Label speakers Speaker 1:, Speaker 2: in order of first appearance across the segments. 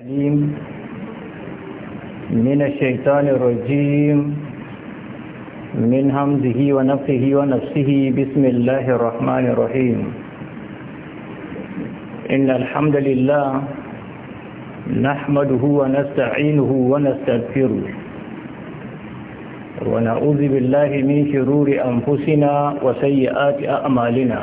Speaker 1: الأليم من الشيطان الرجيم من همزه ونفسه ونفسه بسم الله الرحمن الرحيم إن الحمد لله نحمده ونستعينه ونستغفره ونعوذ بالله من شرور أنفسنا وسيئات أعمالنا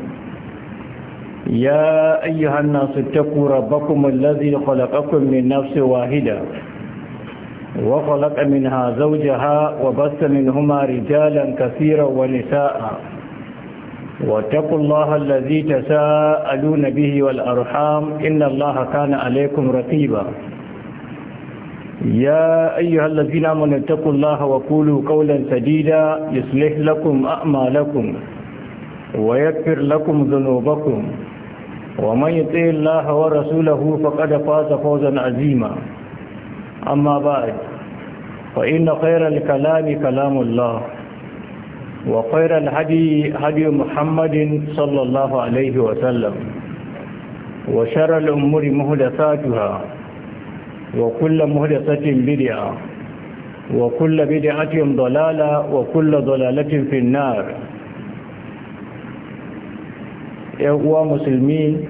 Speaker 1: يا أيها الناس اتقوا ربكم الذي خلقكم من نفس واحدة وخلق منها زوجها وبس منهما رجالا كثيرا ونساء واتقوا الله الذي تساءلون به والأرحام إن الله كان عليكم رقيبا يا أيها الذين آمنوا اتقوا الله وقولوا قولا سديدا يصلح لكم أعمالكم ويكفر لكم ذنوبكم ومن يطع الله ورسوله فقد فاز فوزا عظيما أما بعد فإن خير الكلام كلام الله وخير الهدي هدي محمد صلى الله عليه وسلم وشر الأمور محدثاتها وكل محدثه بدعة وكل بدعة ضلالة وكل ضلالة في النار ‘yan uwa musulmi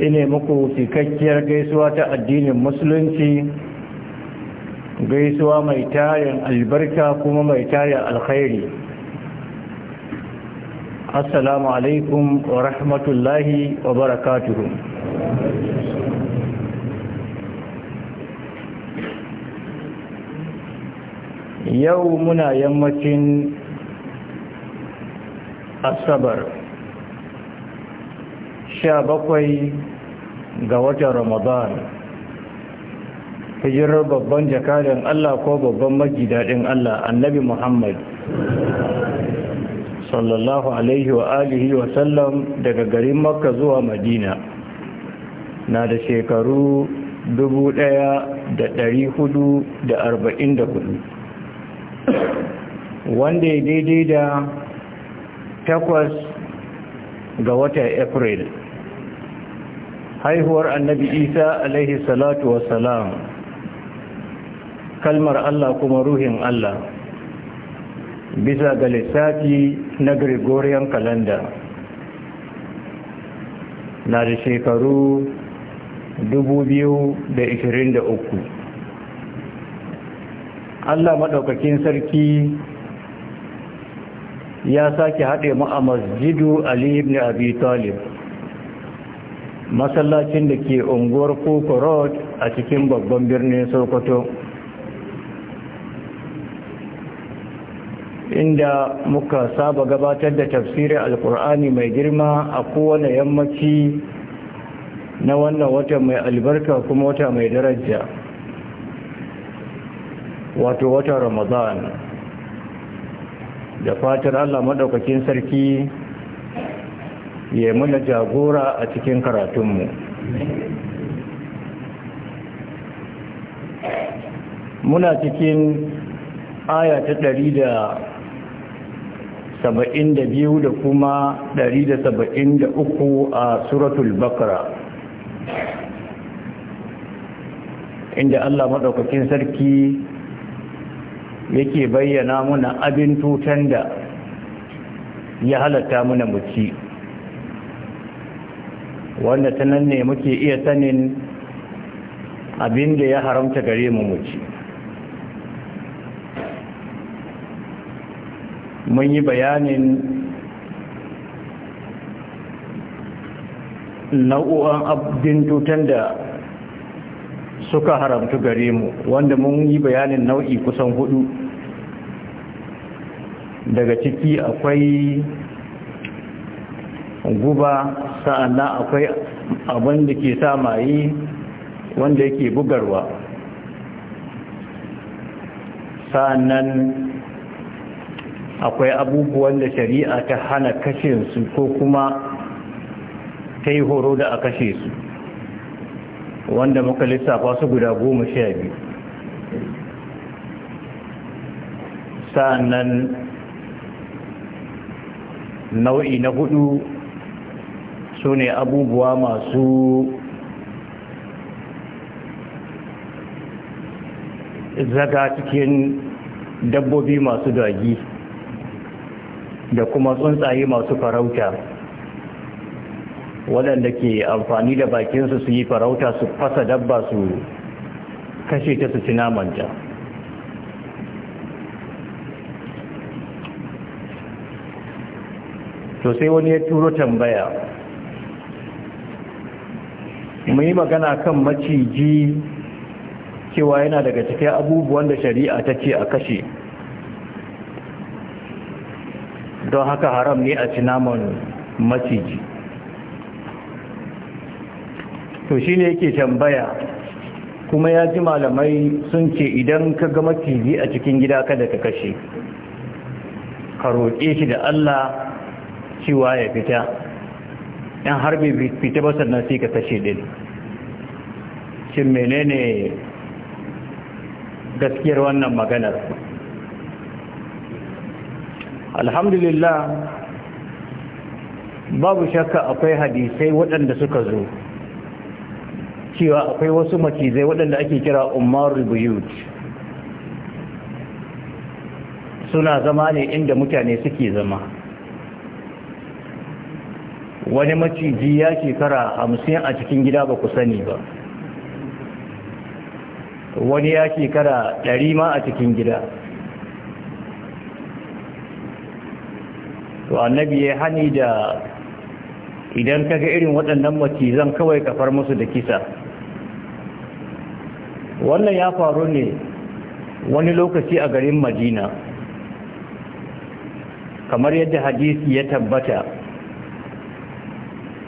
Speaker 1: ine muku cikakkiyar gaisuwa ta addinin musulunci gaisuwa mai tarin albarka kuma mai tarin alkhairi assalamu alaikum wa rahmatullahi wa barakatuhu yau muna yammacin asabar sha bakwai ga watan ramadan hijirar babban jakarin Allah ko babban majidadin Allah annabi Muhammad sallallahu alaihi wa alihi wa sallam daga garin makka zuwa madina na da shekaru dubu ɗaya da da da ɗari hudu. wanda ya daidai da takwas ga watan april haihuwar annabi isa alaihi salatu salam. kalmar allah kuma ruhin allah bisa ga lissafi na gregorian kalanda. na da shekaru dubu biyu uku. allah maɗaukakin sarki ya sake haɗe mu a masjidu ali ibn abi talib masallacin da ke unguwar koko road a cikin babban birnin sokoto inda muka saba gabatar da tafsirin alkur'ani mai girma a kowane yammaci na wannan wata mai albarka kuma wata mai daraja wato wata ramadan da fatar Allah maɗaukakin sarki ya muna jagora a cikin karatunmu muna cikin aya ta ɗari da saba'in da biyu da kuma ɗari da saba'in da uku a suratul bakara inda Allah maɗaukakin sarki yake bayyana muna abin tutan da ya halatta muna muci wanda ta nan ne muke iya sanin abin da ya haramta gare mu muci mun yi bayanin nau'o'an abin tutan da suka haramtu gare mu wanda mun yi bayanin nau'i kusan hudu daga ciki akwai guba sa'annan akwai abin da ke sa mayi wanda yake bugarwa sa'annan akwai abubuwan da shari'a ta hana kashe su ko kuma ta yi horo da a kashe su wanda muka lissafa su guda goma sha biyu sa'annan nau'i na hudu su ne abubuwa masu zaga cikin dabbobi masu dagi da kuma tsuntsaye masu farauta waɗanda ke amfani da bakinsu su yi farauta su fasa dabba su kashe ta su ci namanta to sai wani ya turo tambaya mu yi magana kan maciji cewa yana daga cikin abubuwan da shari'a ta ce a kashe don haka haram ne a cinaman maciji to shi ne yake tambaya kuma ya ji malamai sun ce idan ka ga maciji a cikin gida kada ka kashe ka roƙe shi da Allah cewa ya fita yan harbi fita ba sannan sai ka ɗin din shin menene gaskiyar wannan maganar alhamdulillah babu shakka akwai hadisai waɗanda suka zo cewa akwai wasu macizai waɗanda ake kira umar ribuyut suna zama ne inda mutane suke zama wani maciji ya shekara hamsin a cikin gida ba ku sani ba wani ya shekara ɗari ma a cikin gida to annabi ya hani da idan ka ga irin waɗannan macizan kawai kafar musu da kisa wannan ya faru ne wani lokaci a garin madina kamar yadda hadisi ya tabbata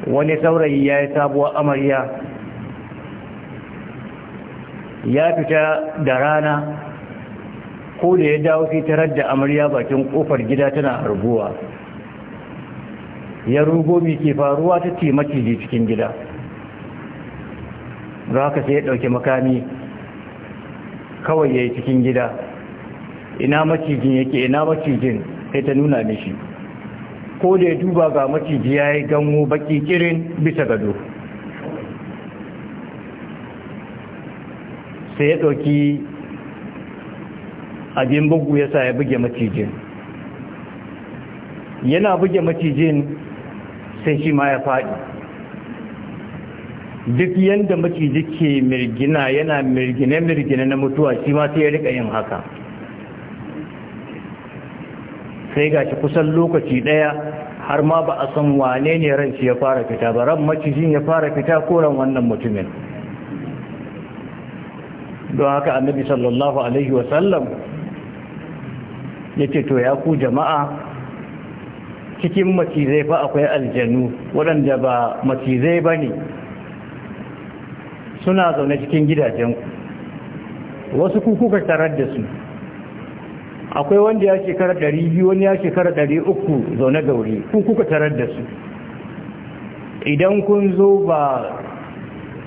Speaker 1: wani saurayi ya yi sabuwar amarya ya fita da rana ko da ya dawo sai tarar da amarya bakin kofar gida tana harguwa ya rugo mai ke faruwa ta ce maciji cikin gida za ka sai ya ɗauki makami kawai ya yi cikin gida ina macijin yake ina macijin sai ta nuna mishi ko da ya duba ga maciji ya yi ganwo baki kirin bisa gado sai ya ɗauki abin bugu ya sa ya buge macijin yana buge macijin sai shi ma ya faɗi duk yadda maciji ke mirgina yana mirgine-mirgine na mutuwa shi ma sai ya rika yin haka sai shi kusan lokaci daya har ma ba a san wane ne ran shi ya fara fita ba ran macijin ya fara fita ko ran wannan mutumin don haka annabi sallallahu alaihi wasallam ya ce to ya ku jama'a cikin macizai fa akwai aljanu waɗanda ba macizai ba ne suna zaune cikin gidajen wasu kuka tarar da su akwai wanda ya shekara ɗari biyu wani ya shekara ɗari uku zaune da wuri ku kuka tarar da su idan kun zo ba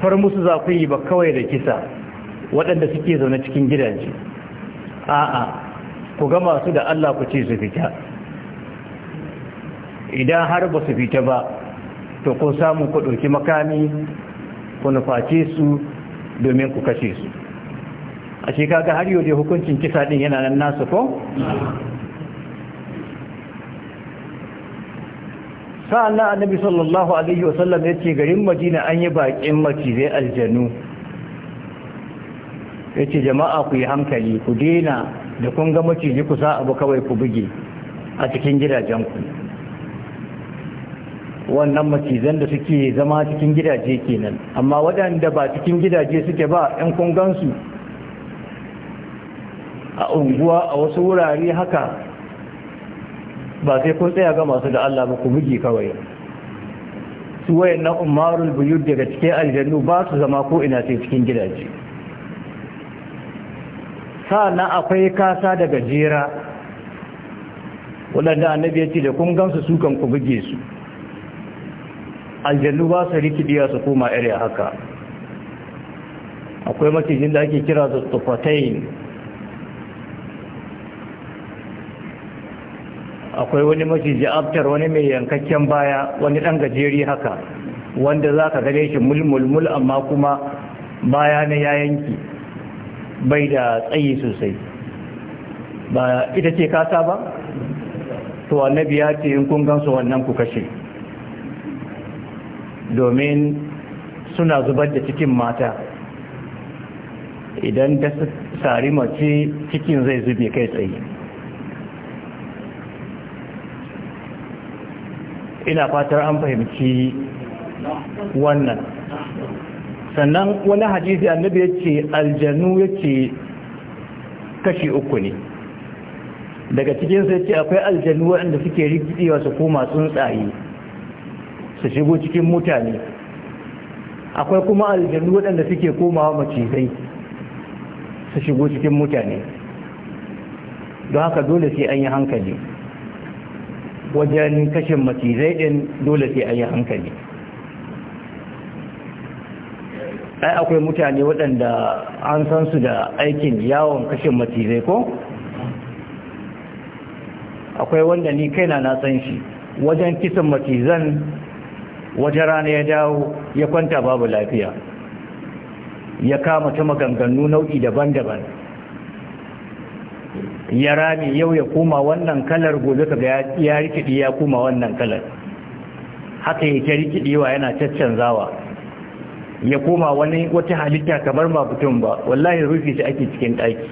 Speaker 1: far musu za yi ba kawai da kisa waɗanda suke zaune cikin gidaje a'a ku gama su da Allah ku ce su fita idan har ba su fita ba to kun samu ku ɗauki makami ku nuface su domin ku kashe su a ce kaga har yau dai hukuncin kisa din yana nan nasu ko sa'anna annabi sallallahu alaihi wasallam ya ce garin madina an yi bakin macizai aljanu ya ce jama'a ku yi hankali ku dina da kun ga maciji ku sa abu kawai ku buge a cikin gidajenku wannan macizan da suke zama cikin gidaje kenan amma waɗanda ba cikin gidaje suke ba 'yan kungansu. a unguwa a wasu wurare haka ba sai kun tsaya ga masu da Allah ba ku bugi kawai su wayan na umarul buyud daga cikin aljannu ba su zama ko ina sai cikin gidaje sa'annan akwai kasa daga jera waɗanda annabi ya ce da kun gansu su ku buge su aljannu ba su rikidiya su koma iri haka akwai macijin da ake kira da tsofatain akwai wani maciji aftar wani mai yankakken baya wani ɗan gajeri haka wanda za ka gare shi mulmulmul amma kuma baya na ya yanki bai da tsayi sosai ba ita ce kasa ba to annabi ya ce in kun gansu wannan ku kashe domin suna zubar da cikin mata idan ta sari mace cikin zai zube kai tsaye ina fatar an fahimci wannan sannan wani hadisi annabi yace aljannu yace kashi uku ne daga cikin sai ce akwai aljannu waɗanda suke rikidewa su koma tsuntsaye su shigo cikin mutane akwai kuma aljannu waɗanda suke komawa macizai su shigo cikin mutane don haka dole sai an yi hankali wajen kashin macizai din dole sai a yi hankali ai akwai mutane waɗanda an san su da aikin yawon kashin macizai ko akwai wanda ni kaina na san shi wajen kisan macizan wajen rana ya dawo ya kwanta babu lafiya ya kama ta maganganu nau'i daban-daban ya rame yau ya koma wannan kalar gobe ka ga ya rikidi ya koma wannan kalar haka ya ta rikidewa yana caccanzawa ya koma wani wata halitta kamar ba mutum ba wallahi rufi shi ake cikin ɗaki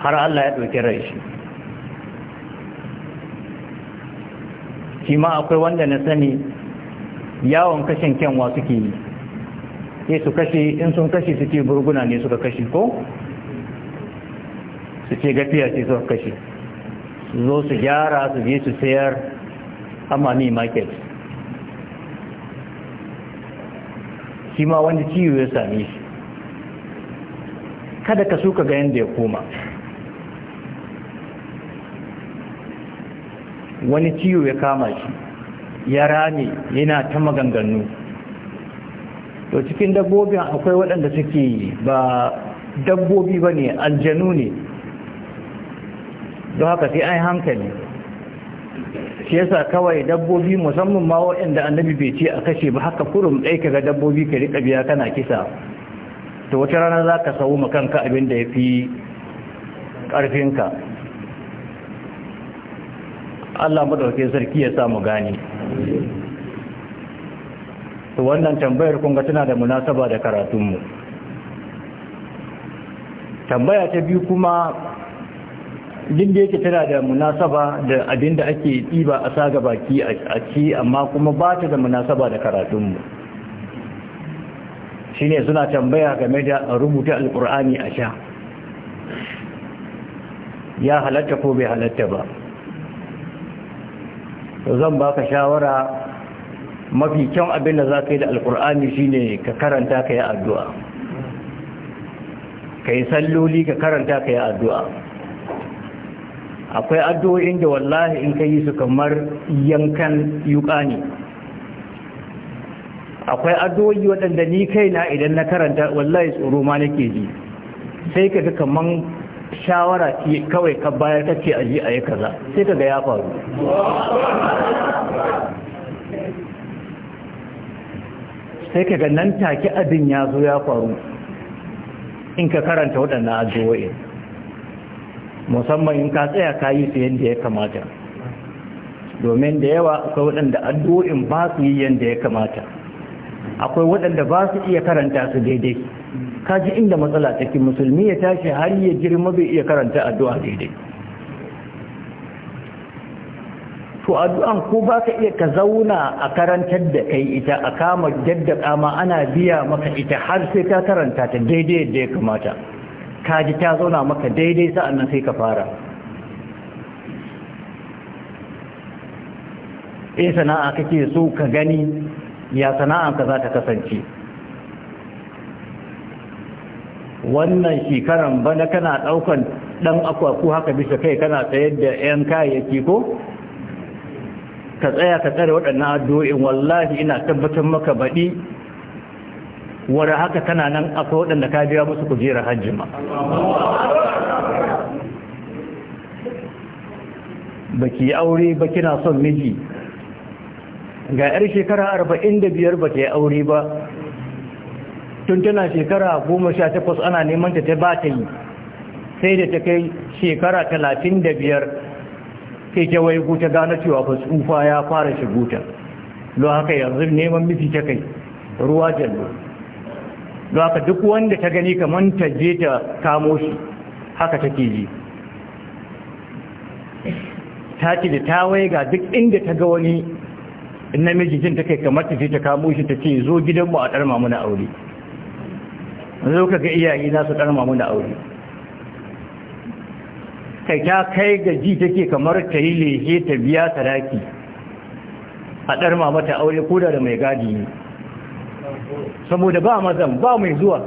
Speaker 1: har Allah ya ɗauki rai shi shi akwai wanda na sani yawon kashin kyanwa suke yi sai su kashe in sun kashe suke burguna ne suka kashe ko su ce gafiya ce su kashe su zo su gyara su je su sayar amami market shi ma wani ciwo ya same shi kada ka suka ga yadda ya koma wani ciwo ya kama shi ya rame yana ta maganganu to cikin dabbobin akwai waɗanda suke ba dabbobi ba ne aljanu ne don haka sai an hankali shi yasa kawai dabbobi musamman ma waɗanda annabi bai ce a kashe ba haka kurum ɗai ka ga dabbobi ka riƙa biya kana kisa to wata rana za ka sau makanka abin da ya fi ƙarfinka Allah maɗauke sarki ya mu gani to wannan tambayar kunga tana da munasaba da karatunmu tambaya ta biyu kuma din da yake tana da munasaba da abin da ake ɗiba a saga baki a ci amma kuma ba ta da munasaba da karatunmu shi ne suna tambaya game da rubuta alkur'ani a sha ya halatta ko bai halatta ba zan baka shawara mafi kyau abin da za ka yi da alkur'ani shine ka karanta ka yi addu'a ka yi salloli ka karanta ka yi addu'a akwai addu'o'in da wallahi in ka yi su kamar yankan yuka ne akwai addu'o'i waɗanda ni kaina idan na karanta wallahi tsoro ma nake ji sai ka ga kaman shawara kawai ka bayar kace ce ji a yi kaza sai ka ya faru sai ka ga nan take abin ya zo ya faru in ka karanta waɗannan addu'o'in musamman in ka tsaya ka yi su yadda ya kamata domin da yawa akwai waɗanda addu'o'in ba su yi yadda ya kamata akwai waɗanda ba su iya karanta su daidai ka ji inda matsala take musulmi ya tashi har ya girma bai iya karanta addu'a daidai to addu'an ko ba ka iya ka zauna a karantar da kai ita a kama daddaka ma ana biya maka ita har sai ka karanta ta daidai yadda ya kamata ka ji ta zauna maka daidai sa'an nan sai ka fara e sana'a kake so ka gani ya sana'a ka za ta kasance wannan shekaran bana kana ɗaukan ɗan akwaku haka bisa kai kana tsayar da yan kayayyaki ko ka tsaya ka tsare waɗannan addu'o'in wallahi ina tabbatar maka baɗi wara haka tana nan akwai waɗanda ka biya musu kujerar hajji ma baki aure ba kina son miji ga 'yar shekara arba'in da biyar ba ta yi aure ba tun tana shekara goma sha takwas ana neman ta ta ba ta yi sai da ta kai shekara talatin da biyar sai ta wai guta gane cewa ba tsufa ya fara shiguta don haka yanzu neman miji ta kai ruwa jallo don haka duk wanda ta gani kamar ta je ta kamo shi haka take ji ta ce da ta waiga duk inda ta ga wani namiji jin ta kai kamar ta je ta kamo shi ta ce zo gidanmu a ɗarma muna aure zo ka ga iyaye za su ɗarma muna aure kai ta kai ga ji take kamar ta yi lehe ta biya sadaki a ɗarma mata aure koda da mai gadi ne saboda ba mazan ba mai zuwa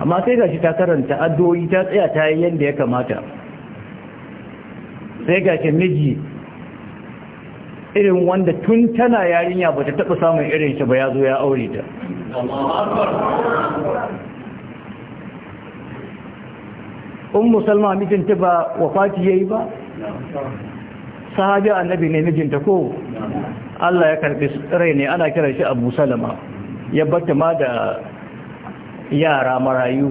Speaker 1: amma sai gashi ta karanta addu'o'i ta tsaya ta yi yadda ya kamata sai gashi miji irin wanda tun tana yarinya ba ta taɓa samun irin shi ba ya zo ya aure ta in musulma mijinta ba wafati ya yi ba sahabi annabi ne mijinta ko Allah ya karbi rai ne ana kiran shi Abu Salama ya batta ma da yara marayu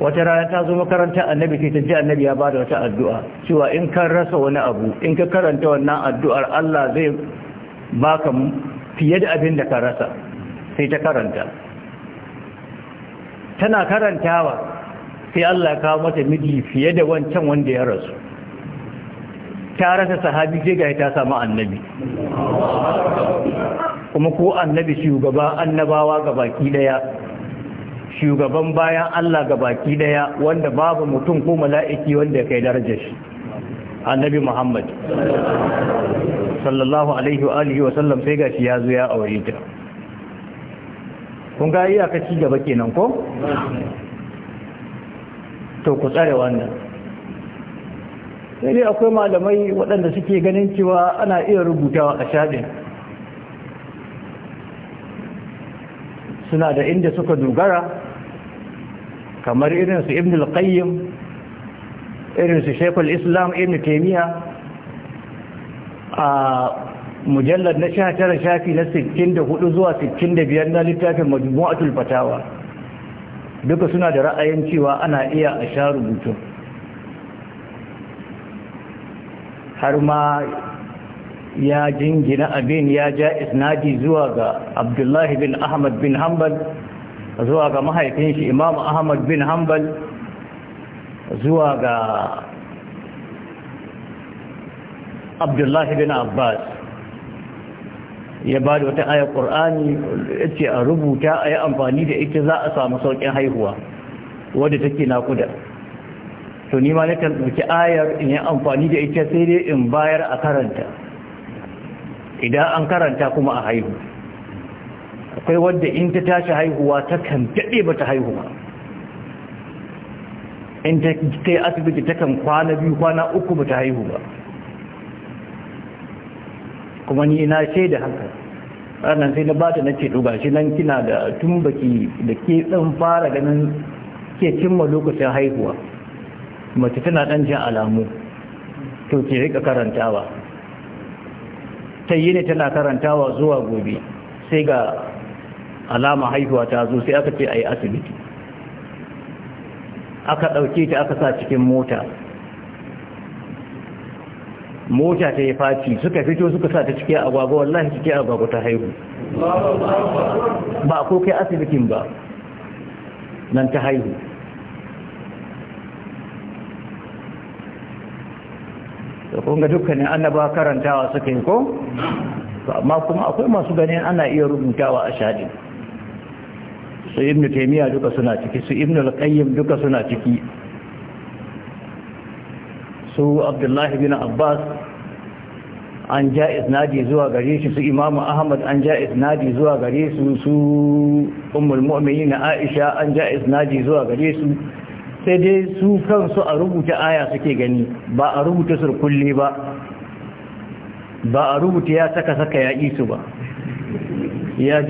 Speaker 1: wata rana ta zo makaranta annabi ce ta ji annabi ya bada wata addu'a cewa in kan rasa wani abu in ka karanta wannan addu'ar Allah zai baka fiye da abin da ka rasa sai ta karanta tana karantawa sai Allah ya kawo mata miji fiye da wancan wanda ya rasu ta rasa sahabi sai ga ta samu annabi kuma ko annabi shugaba annabawa ga baki daya shugaban bayan Allah ga baki daya wanda babu mutum ko mala'iki wanda kai darajar shi annabi Muhammad sallallahu alaihi wa alihi wa sallam sai gashi ya zo ya aure ta kun ga iyaka ci gaba kenan ko to ku tsare wannan sai dai akwai malamai waɗanda suke ganin cewa ana iya rubutawa a shaɗin suna da inda suka dogara kamar irinsu ibn al-qayyim irinsu shekul islam ibn taimiyya a mujallar na tara shafi na 64 zuwa 65 na littafin majmu'atul fatawa duka suna da ra'ayin cewa ana iya a sha rubutu har ma ya jingina abin ya ja isnadi zuwa ga abdullahi bin ahmad bin hanbal zuwa ga mahaifin shi imam ahmad bin hanbal zuwa ga abdullahi bin abbas ya ba da wata ayar ƙur'ani ce a rubuta a yi amfani da ita za a samu sauƙin haihuwa wadda take naƙuda to ni ma nakan ɗauki ayar in yi amfani da ita sai dai in bayar a karanta idan an karanta kuma a haihu akwai wadda in ta tashi haihuwa ta kan daɗe ba ta haihu ba in ta kai asibiti ta kan kwana biyu kwana uku ba ta haihu ba kuma ni ina shaida haka ranar sai na ba ta nace to shi nan kina da tun baki da ke ɗan fara ganin ke cimma lokacin haihuwa mace tana ɗan jin alamu to ke rika karantawa ta yi ne tana karantawa zuwa gobe sai ga alama haihuwa ta zo sai aka ce a yi asibiti aka ɗauke ta aka sa cikin mota mota ta yi faci suka fito suka sa ta cike gwagwa wallahi cike gwagwa ta haihu ba ko kai asibitin ba nan ta haihu da kunga dukkanin annaba karantawa suka yi ko amma kuma akwai masu ganin ana iya rubutawa a shaɗi su ibn taimiyya duka suna ciki su ibn al-qayyim duka suna ciki su abdullahi bin abbas an ja isnadi zuwa gare shi su imamu ahmad an ja isnadi zuwa gare su su ummul mu'minin aisha an ja isnadi zuwa gare su sai dai su kansu a rubuta aya suke gani ba a rubuta kulle ba ba a rubuta ya saka saka ya isu ba ya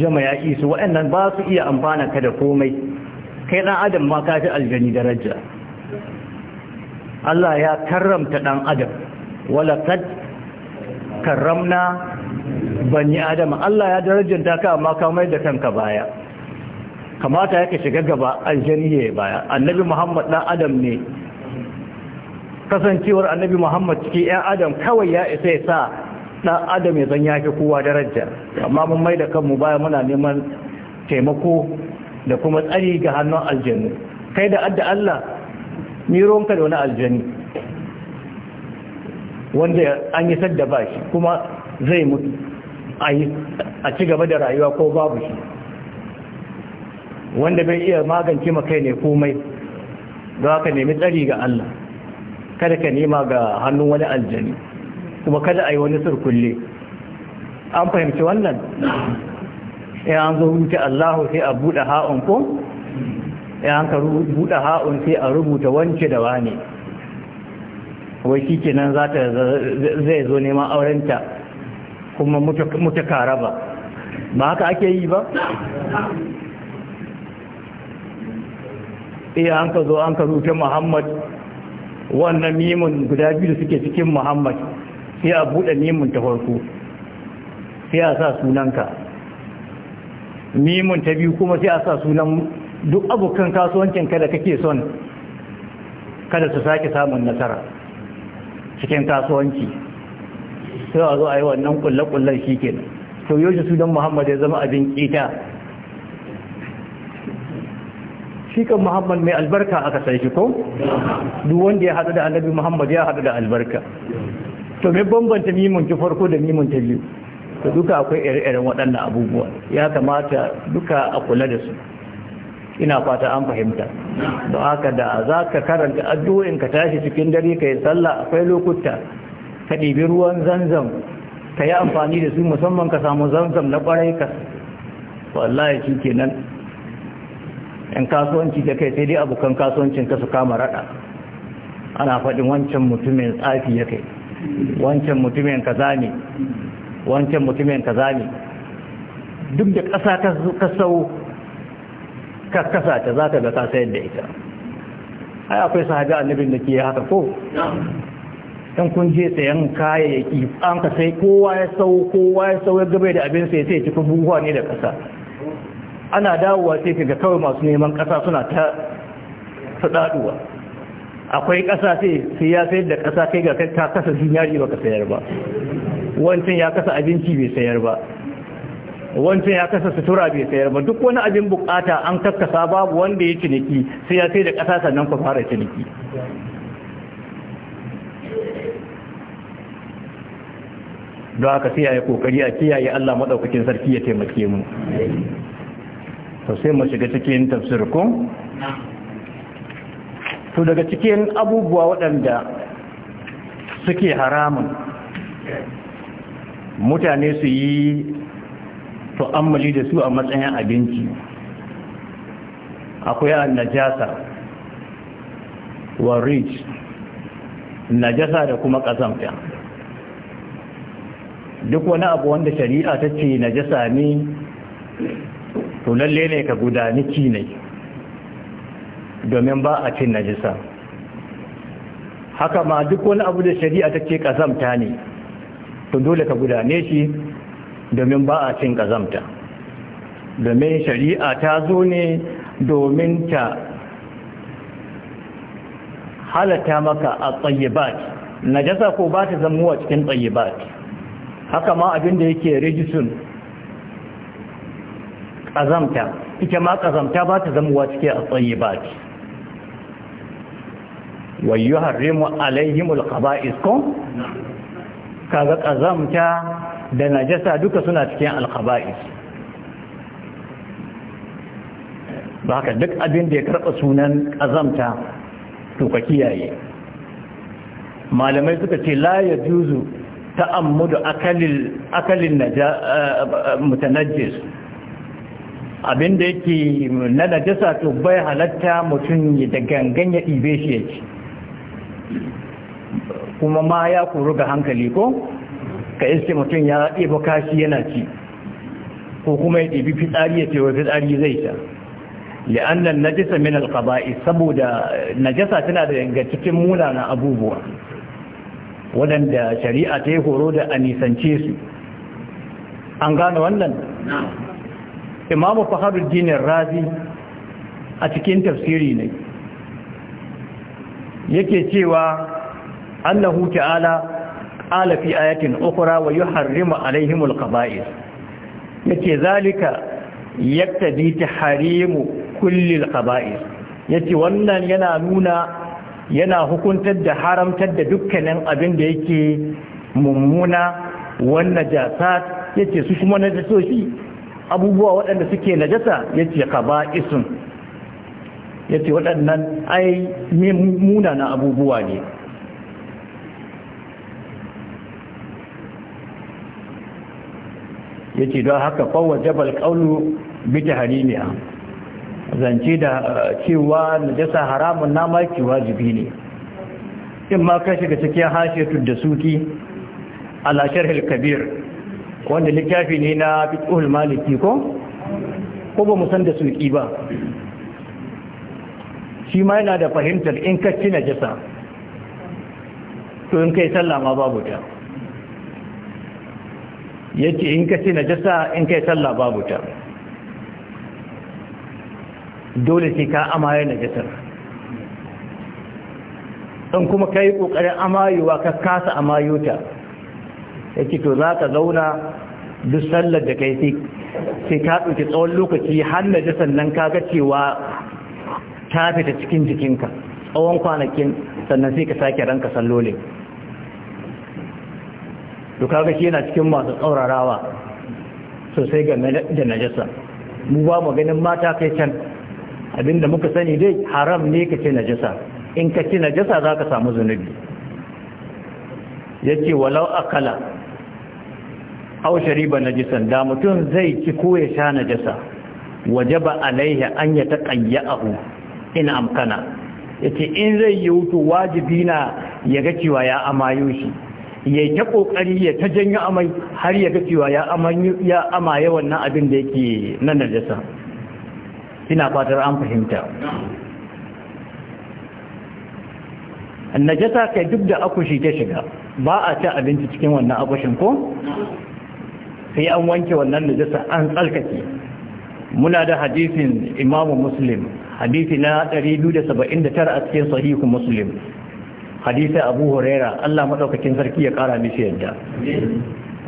Speaker 1: jama ya isu waɗannan ba su iya amfana ka da komai kai ɗan adam ma ka fi aljani daraja Allah ya karramta ɗan adam walakad karramna bani adam Allah ya darajanta ka amma ka mai da kanka baya kamata ka shiga gaba aljani ya baya annabi muhammad dan adam ne kasancewar annabi muhammad ciki yan adam kawai ya isa ya sa dan adam ya zan yaki kowa daraja amma mun mai da kanmu baya muna neman taimako da kuma tsari ga hannun aljannu kai da adda allah mironka da wani aljani wanda an yi sadda ba shi kuma zai mutu a ci gaba da rayuwa ko babu shi wanda bai iya magance makai ne komai za ka nemi tsari ga Allah kada ka nema ga hannun wani aljani kuma kada a yi wani surkulle an fahimci wannan ya an zo wuce Allahu sai a buɗe ha'un ko ya an ka buɗe ha'un sai a rubuta wance da wane wai shi nan za ta zai zo neman aurenta kuma mutu karaba ba haka ake yi ba iya eh, an ka zo an ka rufe muhammad wannan mimun guda biyu da suke cikin muhammad sai a buɗe mimun ta farko sai a sa sunanka mimun ta biyu kuma sai a sa sunan duk abokan kasuwancin kada kake son kada su sake samun nasara cikin kasuwanci sai a zo a yi wannan kulle-kullen shi kenan to yoshi sunan muhammad ya zama abin ƙita shi kan muhammad mai albarka aka san shi ko duk wanda ya hadu da annabi muhammad ya hadu da albarka to me bambanta mimun ki farko da mimun ta biyu to duka akwai ire waɗannan abubuwa ya kamata duka a kula da su ina fata an fahimta don haka da za ka karanta addu'o'in ka tashi cikin dare ka yi sallah akwai lokuta ka ɗibi ruwan zanzam ka yi amfani da su musamman ka samu zanzam na ƙwarai ka wallahi shi kenan in kasuwanci da kai sai dai abokan kasuwancin ka su kama rada ana faɗin wancan mutumin tsafi ya kai wancan mutumin ka ne wancan mutumin ka ne duk da ƙasa ka sau ka ta za ka ga ta sayar da ita ai akwai sahabi annabin da ke haka ko in kun je sayan kayayyaki an ka sai kowa ya sau kowa ya sau ya gabe da abin sai sai ci buhuwa ne da ƙasa ana dawowa sai kaga kawai masu neman ƙasa suna ta faɗaɗuwa akwai ƙasa sai sai ya sayar da ƙasa kai ga ta kasa ba ka sayar ba wancan ya kasa abinci bai sayar ba wancan ya kasa sutura bai sayar ba duk wani abin bukata an kakkasa babu wanda ya ciniki sai ya sayar da ƙasa sannan ku fara ciniki don haka sai ya yi kokari a kiyaye Allah maɗaukakin sarki ya taimake mu to sai mu shiga cikin tafsir ko to daga cikin abubuwa waɗanda suke haramun mutane su yi tu'ammali da su a matsayin abinci akwai a najasa wa rich najasa da kuma ƙazamta duk wani abu wanda shari'a ta ce najasa ne to lalle ne ka gudani kinai domin ba a cin najisa haka ma duk wani abu da shari'a ta ce kazamta ne to dole ka gudane shi domin ba a cin kazamta domin shari'a ta zo ne domin ta halata maka a tsayyabat najasa ko ba ta zammuwa cikin tsayyabat haka ma abinda yake rijisun ƙazamta ita ma ƙazamta ba ta zamuwa cike a tsaye ba ce wayo harimu alaihimul qaba'is ko kaga ƙazamta da najasa duka suna cikin alqaba'is ba haka duk abin da ya karɓa sunan ƙazamta to ka kiyaye malamai suka ce la ya juzu ta'ammudu akalin eh, mutanajjis abin da yake na najasa to bai halatta mutum da gangan ya ɗibe shi yake kuma ma ya kuru ga hankali ko ka iske mutum ya ɗiba kashi yana ci ko kuma ya ɗibi fitsari ya wa fitsari zai sha li'annan najasa min alƙaba'i saboda najasa tana da daga cikin munana abubuwa waɗanda shari'a ta yi horo da a nisance su an gane wannan imamu faharuddin razi a cikin tafsiri ne yake cewa annahu ta'ala qala fi ayatin ukhra wa yuharrimu alaihim alqaba'ir yake zalika yaktadi tahrimu kulli alqaba'ir yake wannan yana nuna yana hukuntar da haramtar da dukkanin abin da yake mummuna wannan jasa, yake su kuma na jasoshi abubuwa waɗanda suke najasa isun ya ce waɗannan ai munana abubuwa ne Ya ce don haka fawa jabal ƙaunu bi harimiya zance da uh, cewa najasa haramun nama ki wajibi ne in ma ka shiga cikin hashe da suki a lashar kabir wanda littafi ne na fiqhul maliki ko ko ba mu san da suki ba shi ma yana da fahimtar in ka ci jasa, to in kai sallah ma babu ta yace in ka ci jasa, in kai sallah babu ta dole sai ka amaye na jasar. Ɗan kuma kai kokarin amayewa ka kasa amayota ce to za ka zauna duk sallar da kai sai ka ɗauki tsawon lokaci har na sannan ka ga cewa ta fita cikin jikinka tsawon kwanakin sannan sai ka sake ranka sallolin to ga shi yana cikin masu tsaurarawa sosai game da najasa mu ba mu ganin mata kai can abinda muka sani dai haram ne ka ce najasa in ka ce najasa za ka samu zunubi ya ce walau akala aw shariba najisan da mutum zai ci ko ya sha najasa wajaba alaihi an ya taqayyahu in amkana yace in zai yi wuto wajibi na ya ga cewa ya amayo shi yi ta kokari ya ta janyo amai har ya ga cewa ya amayo amaye wannan abin da yake na najasa ina fatar an fahimta najasa kai duk da akushi ta shiga ba a ci abinci cikin wannan akushin ko sai an wanke wannan najasa an tsarkake muna da hadisin imamu muslim hadisi na 279 a cikin sahihu muslim hadisi abu huraira allah maɗaukakin sarki ya kara mishi yadda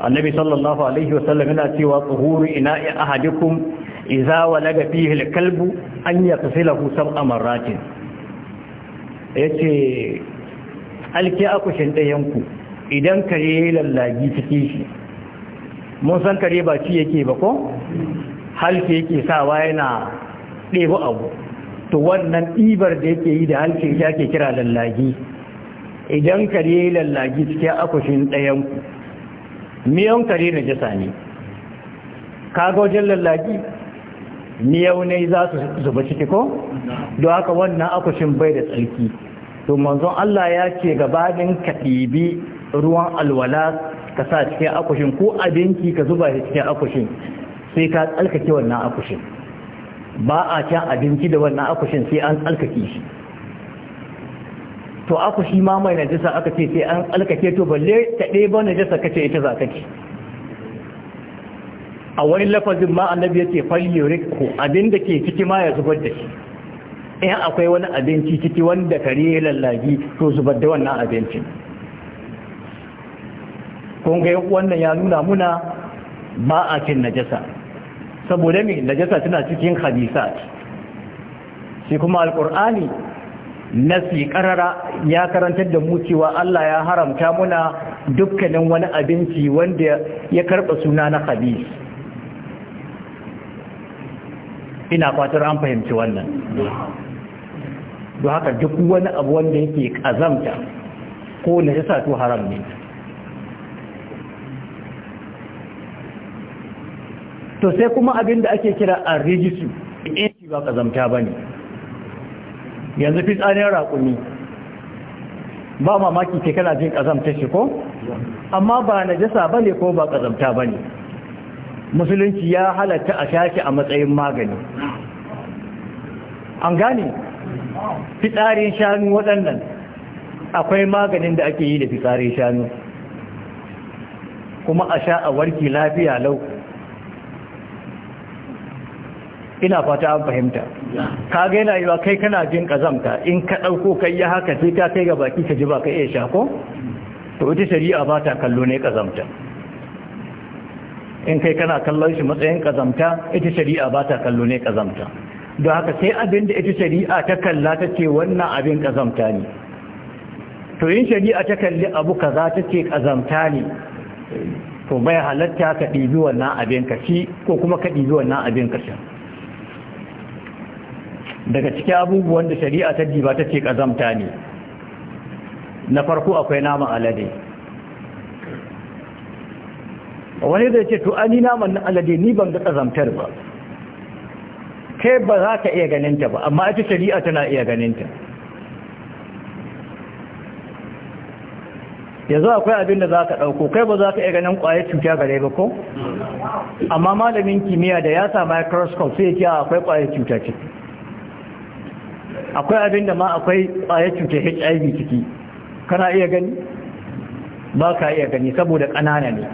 Speaker 1: annabi sallallahu alaihi wasallam yana cewa tsuhuru ina ahadikum idza walaga fihi alkalbu an yaghsilahu sab'a marratin yace alki akushin dayanku idan kare lallagi cikin shi mun san kare ba ci yake ba ko halke yake sawa yana ɗebo abu to wannan ɗibar da yake yi da halke ya ke kira lallagi idan kare lallagi cikin akushin ɗayan ku, miyan kare na jisa ne kaga wajen lallagi miyau ne za su zuba ciki ko don haka wannan akushin bai da tsarki to manzon Allah ya ce gabanin ka ɗibi ruwan alwala ka sa cikin akushin ko abinci ka zuba shi cikin akushin sai ka tsalkake wannan akushin ba a can abinci da wannan akushin sai an tsalkake shi to akushi ma mai najisa aka ce sai an tsalkake to balle ta ɗeba najisa kace ita za ka ci a wani lafazin ma annabi ya ce falyuriku abin da ke ciki ma ya zubar da shi in akwai wani abinci ciki wanda kare ya lallagi to zubar da wannan abincin kun ga wannan ya nuna muna ba a cin najasa saboda me najasa tana cikin hadisat shi kuma Alkur'ani nasi karara ya karantar da mu cewa Allah ya haramta muna dukkanin wani abinci wanda ya karba suna na khabis ina fatar an fahimci wannan don haka duk wani abu wanda yake kazamta ko najasa to haram ne to sai kuma abin da ake kira a rijisu shi ba kazamta ba ne yanzu fitsarin raƙumi ba mamaki ke kana jin kazamta shi ko amma ba na jasa ba ne ko ba kazamta ba ne musulunci ya halatta a shaki a matsayin magani an gane fitsarin shanu waɗannan akwai maganin da ake yi da fitsarin shanu kuma a sha a warki lafiya lau ina fata an fahimta ka ga yana yiwa kai kana jin kazamta in ka ɗauko kai ya haka sai ta kai ga baki ka ji ba ka iya shako to ita shari'a ba ta kallo ne kazamta in kai kana kallon shi matsayin kazamta ita shari'a ba ta kallo ne kazamta don haka sai abin da ita shari'a ta kalla ta ce wannan abin kazamta ne to yin shari'a ta kalli abu kaza ta ce kazamta ne to bai halatta ka ɗibi wannan abin ka ci ko kuma ka ɗibi wannan abin ka shi. daga cikin abubuwan da shari'a ta diba ta ce kazamta ne na farko akwai naman alade wani zai ce to ani naman alade ni ban ga kazamtar ba kai ba za ka iya ganinta ba amma ita shari'a tana iya ganinta yanzu akwai abin da za ka ɗauko kai ba za ka iya ganin ƙwaye cuta gare ba ko amma malamin kimiyya da ya sa microscope sai ya ce akwai ƙwaye cuta ciki akwai abin da ma akwai ƙwayar cutar hiv ciki kana iya gani ba ka iya gani saboda ƙanana ne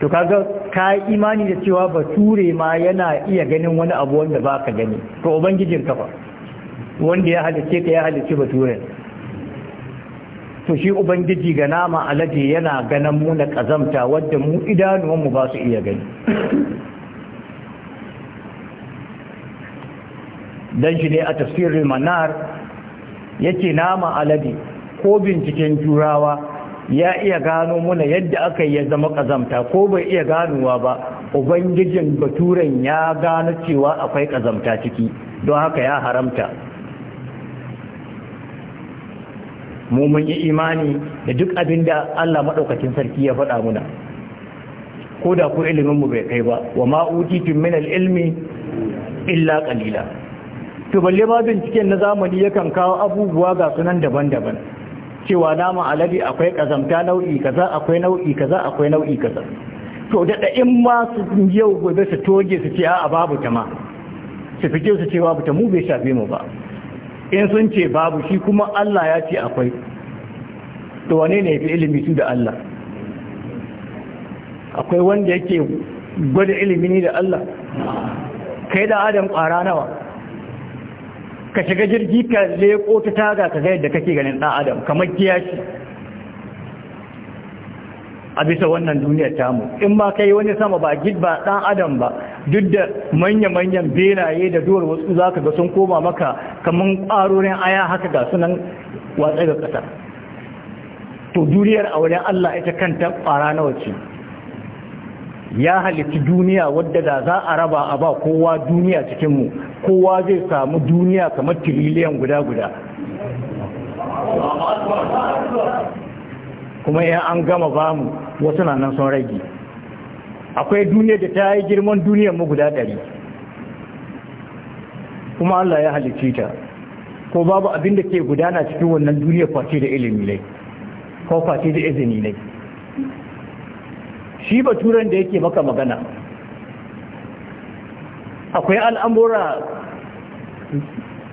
Speaker 1: to kaga ka yi imani da cewa bature ma yana iya ganin wani abu wanda ba ka gani to ubangijin kafa wanda ya halice ka ya halice bature to shi ubangiji ga nama alaji yana ganin mu na ƙazamta wadda mu idanuwanmu ba su iya gani dan shi ne a tafsirin manar yake nama alade ko binciken turawa ya iya gano muna yadda aka yi ya zama kazamta ko bai iya ganowa ba ubangijin baturen ya gano cewa akwai kazamta ciki don haka ya haramta mu mun yi imani da duk abinda Allah maɗaukacin sarki ya faɗa muna ko da ku iliminmu bai kai ba wa ma'utitun min al-ilmi illa qalila to balle ba binciken na zamani yakan kawo abubuwa ga sunan daban-daban cewa nama alade akwai kazamta nau'i kaza akwai nau'i kaza akwai nau'i kaza to da in ma su yau gobe su toge su ce a babu ta ma su fito su ce babu ta mu bai shafe mu ba in sun ce babu shi kuma Allah ya ce akwai to wane ne fi ilimi su da Allah akwai wanda yake gwada ilimi ne da Allah kai da adam ƙwara nawa ka shiga jirgi ka leko ta taga ka ga yadda kake ganin ɗan adam kamar kiyashi a bisa wannan duniyar tamu in ba kai wani sama ba gid ba ɗan adam ba duk da manya-manyan benaye da duwar wasu zaka ga sun koma maka kaman ƙwarorin aya haka ga sunan watsa ga kasa to duniyar a wurin Allah ita kanta fara na wace ya halitta duniya wadda da za a raba a ba kowa duniya cikinmu kowa zai samu duniya kamar tiriliyan guda-guda kuma ya an gama bamu wasu na nan sun rage akwai duniya da ta yi girman duniyar mu guda ɗari kuma Allah ya halicci ta ko babu abin da ke gudana cikin wannan duniya kwace da ilimi ne ko kwace da izini ne shi baturen da yake maka magana akwai al'amura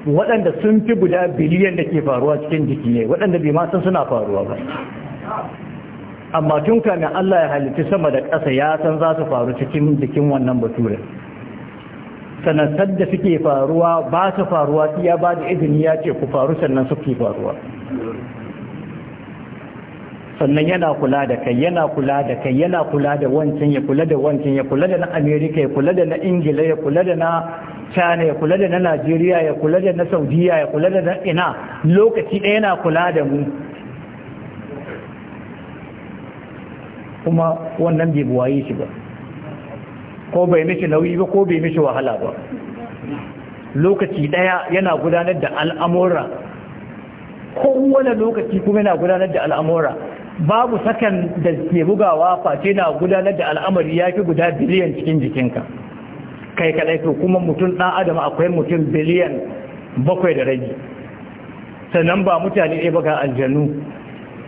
Speaker 1: waɗanda sun fi guda biliyan da ke faruwa cikin jiki ne waɗanda bai masan suna faruwa ba amma tun kamin Allah ya halitta sama da ƙasa ya san za su faru cikin jikin wannan baturen sanantar da suke faruwa ba su faruwa ya ba da izini ya ce ku faru sannan suke faruwa sannan yana kula da kai yana kula da kai yana kula da wancan ya kula da wancan ya kula da na amerika ya kula da na ingila ya kula da na china ya kula da na najeriya ya kula da na saudiya ya kula da na ina lokaci ɗaya yana kula da mu kuma wannan bai buwaye shi ba ko bai mishi nauyi ba ko bai mishi wahala ba lokaci ɗaya yana gudanar da al'amura kowane lokaci kuma yana gudanar da al'amura babu sakan da ke bugawa face na gudanar da al'amari ya fi guda biliyan cikin jikinka kai kadai to kuma mutum ɗan adam akwai mutum biliyan bakwai da rage sannan ba mutane ɗaya ba ga aljanu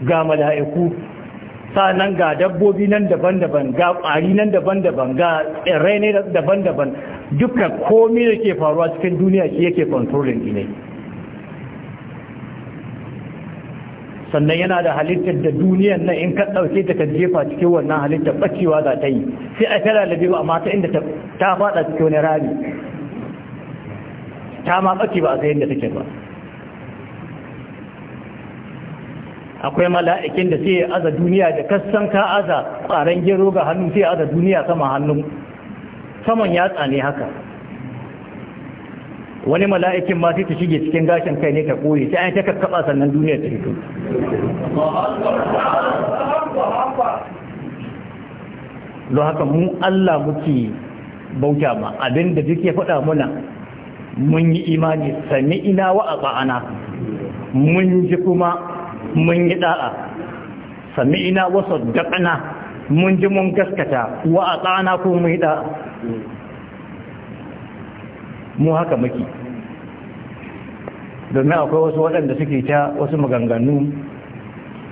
Speaker 1: ga mala'iku sannan ga dabbobi nan daban-daban ga ƙwari nan daban-daban ga tsirrai ne daban-daban dukkan komi da ke faruwa cikin duniya shi yake controlling ne sannan yana da halittar da duniyar nan in ka ɗauke ta ka jefa cikin wannan halittar ɓacewa za ta yi sai a tara da ba amma ta inda ta faɗa cikin wani rami ta ma ɓace ba a sayan da take ba akwai mala'ikin da sai aza duniya da kasan ka aza ƙwarar gero ga hannu sai aza duniya sama hannun saman yatsa ne haka wani mala'ikin ma sai ta shige cikin gashin kai ne ta koye sai an ta kakkaba sannan duniya ta fito don haka mu Allah muke bauta ma abin da duk ya faɗa muna mun yi imani sami ina wa a tsa'ana mun ji kuma mun yi da'a sami ina wasu daƙana mun ji mun gaskata wa a tsa'ana ko mun yi da'a mu haka maki domin akwai wasu waɗanda suke ta wasu maganganu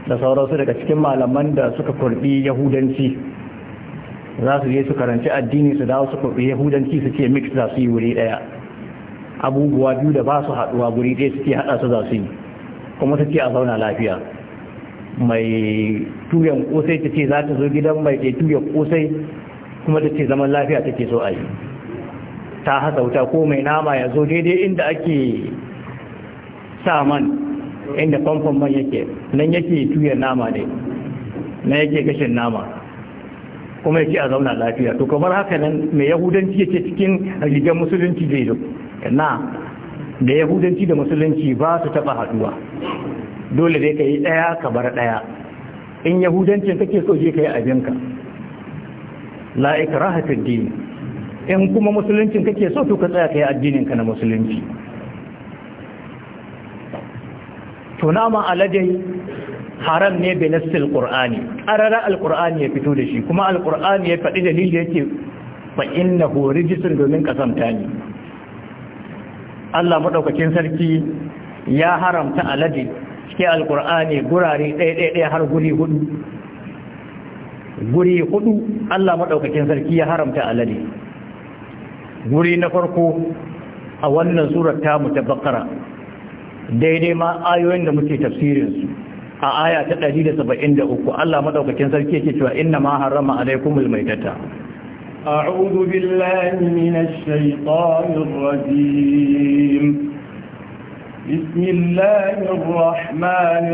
Speaker 1: da sauransu daga cikin malaman da suka kurbi yahudanci za su je su karanci addini su dawo su kurbi yahudanci su ce mix za su yi wuri ɗaya abubuwa biyu da ba su haɗuwa wuri ɗaya suke haɗa su za su yi kuma su ce a zauna lafiya mai tuyan kosai ta ce za ta zo gidan mai ke tuyan kosai kuma ta ce zaman lafiya take so a yi ta hasa wuta ko mai nama ya zo daidai inda ake sa man inda famfon man yake nan yake tuyar nama ne na yake gashin nama kuma yake a zauna lafiya to kamar haka nan mai yahudanci yake cikin rigar musulunci zai zo na da yahudanci da musulunci ba su taba haduwa dole dai ka yi ɗaya ka bar ɗaya in yahudancin kake so je ka yi abinka la ikraha fid din in kuma musuluncin kake so to ka tsaya kai addinin ka na musulunci to nama alade haram ne bi nasil qur'ani qarara alqur'ani ya fito da shi kuma alqur'ani ya faɗi dalili yake fa innahu rijisun domin kasamta ni. Allah madaukakin sarki ya haramta alade cikin alqur'ani gurare ɗaya-ɗaya har guri hudu guri hudu Allah maɗaukakin sarki ya haramta alade guri na farko a wannan surar tamu ta bakara daidai ma ayoyin da muke tafsirinsu a aya ta 173 Allah madaukakin sarki yake cewa inna ma harrama alaikumul maitata
Speaker 2: أعوذ بالله من الشيطان الرجيم بسم الله الرحمن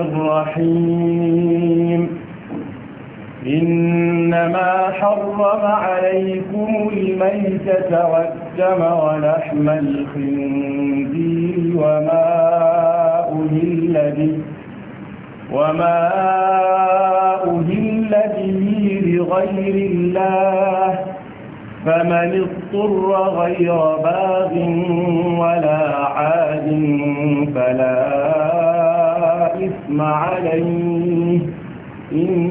Speaker 2: إنما حرم عليكم الميتة والدم ولحم الخنزير وما أهل به وما أهل به لغير الله فمن اضطر غير باغ ولا عاد فلا إثم
Speaker 1: عليه إن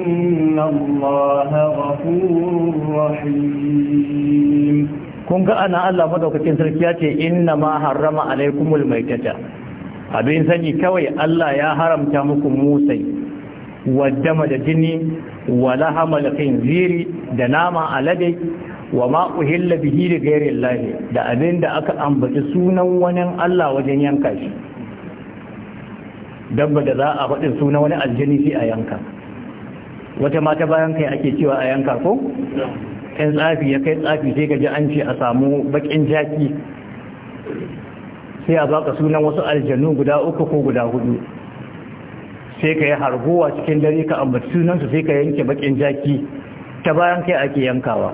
Speaker 1: kun ga ana Allah madaukakin sarki ya ce inna ma harrama alaikumul maitata abin sani kawai Allah ya haramta muku musai dama da jini wa lahamal khinziri da nama alade wa ma uhilla bihi li ghairi Allah da abin da aka ambaci sunan wani Allah wajen yanka shi dabba da za a faɗin sunan wani aljini shi a yanka wata mata bayan kai ake cewa a yanka ko kai tsafi ya kai tsafi sai gaji an ce a samu bakin jaki sai a baka sunan wasu aljanu guda uku ko guda hudu sai ka yi harguwa cikin dare ka ambaci sunansu sai ka yanke bakin jaki ta bayan kai ake yankawa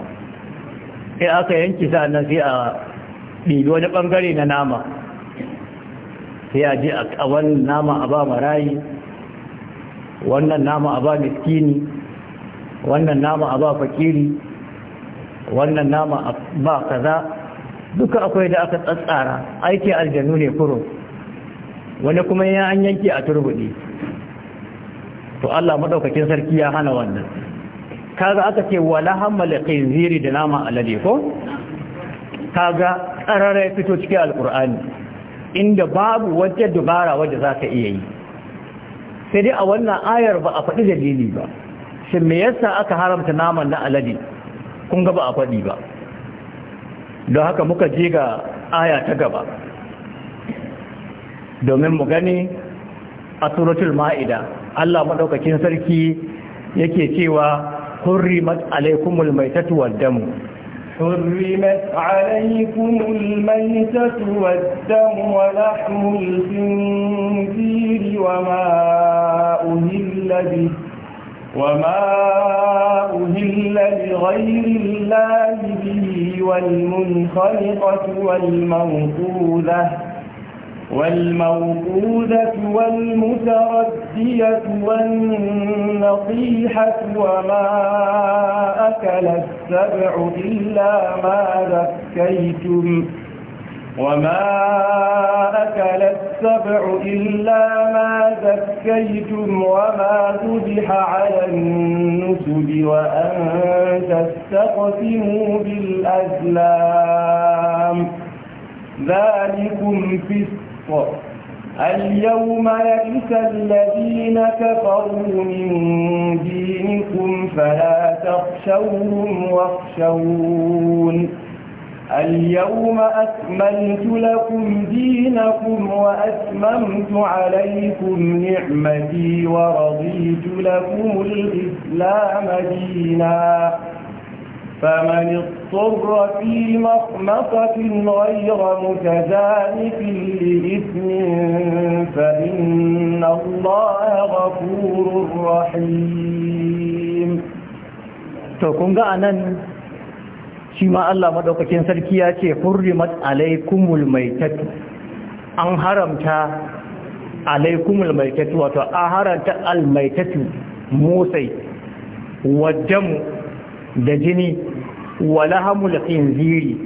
Speaker 1: sai aka yanki sa'annan sai a ɗido wani ɓangare na nama sai a ji a wani nama a ba marayi wannan nama a ba miskini wannan nama a ba fakiri wannan nama a ba kaza duka akwai da aka tsatsara aiki aljanu ne kuro wani kuma ya an yanki a turbuɗi to Allah madaukakin sarki ya hana wannan kaga aka ce wala hammala qinziri da nama alade ko kaga tsarara ya fito cikin alqur'ani inda babu wata dubara wadda zaka iya yi sai dai a wannan ayar ba a faɗi dalili ba shi me yasa aka haramta naman na alade kun ga ba a faɗi ba don haka muka je ga aya ta gaba domin mu gani a suratul ma'ida Allah madaukakin sarki yake cewa hurrimat alaikumul maitatu wad damu حرمت
Speaker 2: عليكم الميتة والدم ولحم الخنزير وما أهل به وما أهل لغير الله به والمنخلقة والموقوذة والموقوذة والمتردية والنصيحة وما أكل السبع إلا ما ذكيتم وما أكل السبع إلا ما ذكيتم وما ذبح على النسب وأن تستقسموا بالأزلام ذلكم فسق اليوم يئس الذين كفروا من دينكم فلا تخشوهم واخشون اليوم أكملت لكم دينكم وأتممت عليكم نعمتي ورضيت لكم الإسلام ديناً فمن اضطر في مخمصة غير متجانف لإثم فإن الله
Speaker 1: غفور رحيم to kun ga anan shi ma Allah madaukakin sarki ya ce hurrimat alaikumul maitat an haramta alaikumul maitat wato an haramta almaitatu musai wadamu da jini wa lahamul khinziri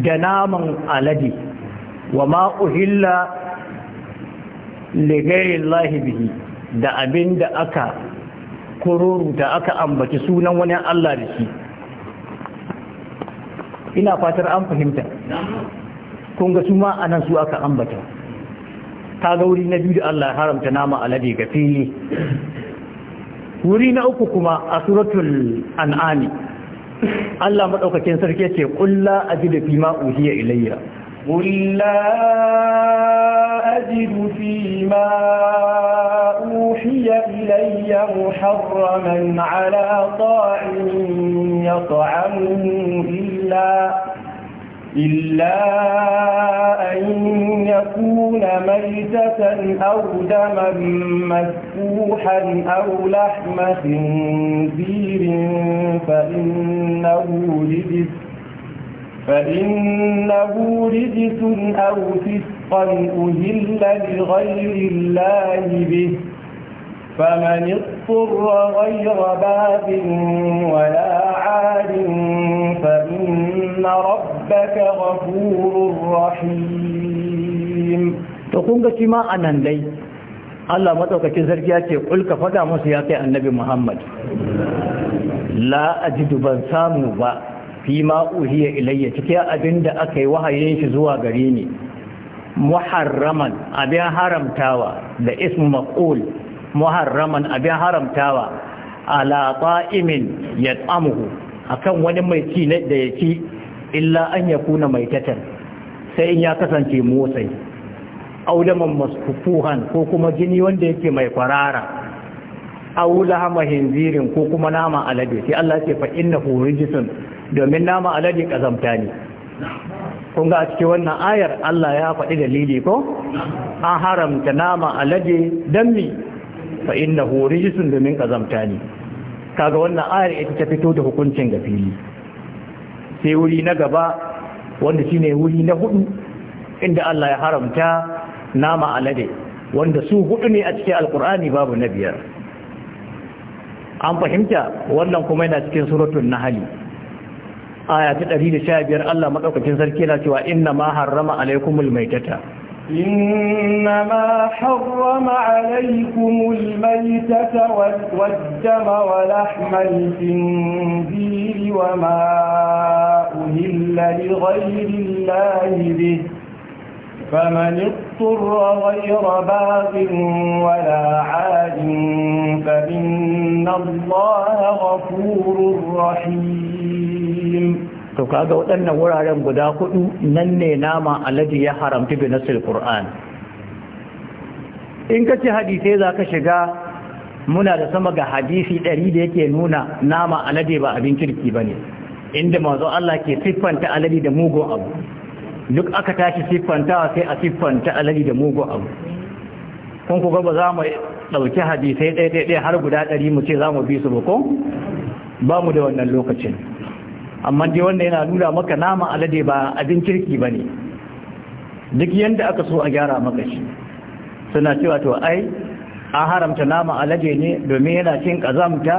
Speaker 1: da naman alade wa ma uhilla li bihi da abin da aka kururuta aka ambaci sunan wani Allah da shi ina fatar an fahimta kun ga su ma anan su aka ambata ta gauri na biyu da Allah haramta nama alade ga fili wuri na uku kuma a suratul an'ani Allah maɗaukakin sarki ce ƙulla a ji da fi ma'uhiyar ilayya ƙulla
Speaker 2: a ji da fi ma'uhiyar ilayya muharraman ala ta'in ya ta'amu illa إلا أن يكون ميتة أو دما مسفوحا أو لحم خنزير فإنه رجس فإنه رجس أو فسقا أهل لغير الله به فمن اضطر اضطر غير باب ولا عاد فإن ربك غفور
Speaker 1: رحيم تقوم كما أنا لي Allah matsaukakin zargi ya ce kulka fada musu ya kai annabi Muhammad la ajidu ban samu ba fi ma uhiya ilayya cikin abinda aka yi wahayin shi zuwa gari ni muharraman abin haramtawa da ismu muharraman abin haramtawa ala ta'imin ya tsamuhu akan wani mai ci da ya ci illa an ya kuna mai tatar sai in ya kasance motsai aulaman maskufuhan ko kuma jini wanda yake mai kwarara aula hama hinzirin ko kuma nama alade sai Allah ce fa innahu rijsun domin nama alade kazamta ne kun ga a cikin wannan ayar Allah ya faɗi dalili ko an haramta nama alade dan mi fa hu rijisun domin kazamta ne kaga wannan ayar ita ta fito da hukuncin ga fili sai wuri na gaba wanda shine wuri na hudu inda Allah ya haramta nama alade wanda su hudu ne a cikin alkur'ani babu na biyar an fahimta wannan kuma yana cikin suratul nahli aya ta 115 Allah madaukakin sarki yana cewa inna ma harrama alaykumul maitata
Speaker 2: إنما حرم عليكم الميتة والدم ولحم الخنزير وما أهل لغير الله به فمن اضطر غير باغ ولا عاد
Speaker 1: فإن الله
Speaker 2: غفور
Speaker 1: رحيم to kaga waɗannan wuraren guda hudu nan ne nama alade ya haramta bi nasil qur'an in ka ci hadisai za ka shiga muna da sama ga hadisi ɗari da yake nuna nama alade ba abin kirki ba ne inda manzo Allah ke siffanta alade da mugun abu duk aka tashi siffantawa sai a siffanta alade da mugun abu kun ku ga ba za mu ɗauki hadisai ɗaya ɗaya har guda ɗari mu ce za mu bi su ba ko ba mu da wannan lokacin amma dai wanda yana nuna maka nama alade ba abin kirki ba ne duk yadda aka so a gyara maka shi suna cewa to ai an haramta nama alade ne domin yana cin kazamta